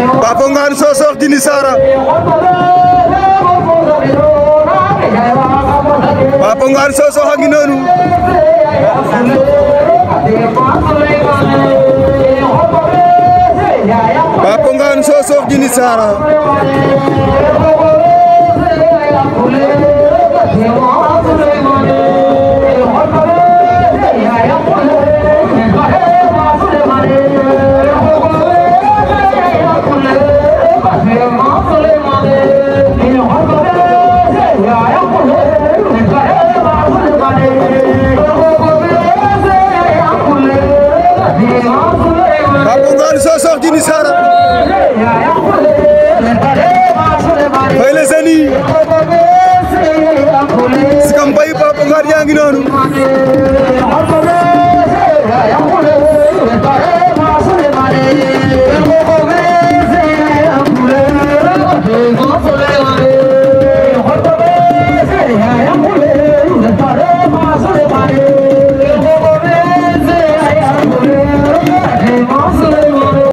Papa Ngane Sosokh Djily Sara Papa a ngi noonu Papa Babou Ngane Sossox Djily Sara fay la seni sikam bay Babou Ngane yaa ngi noonu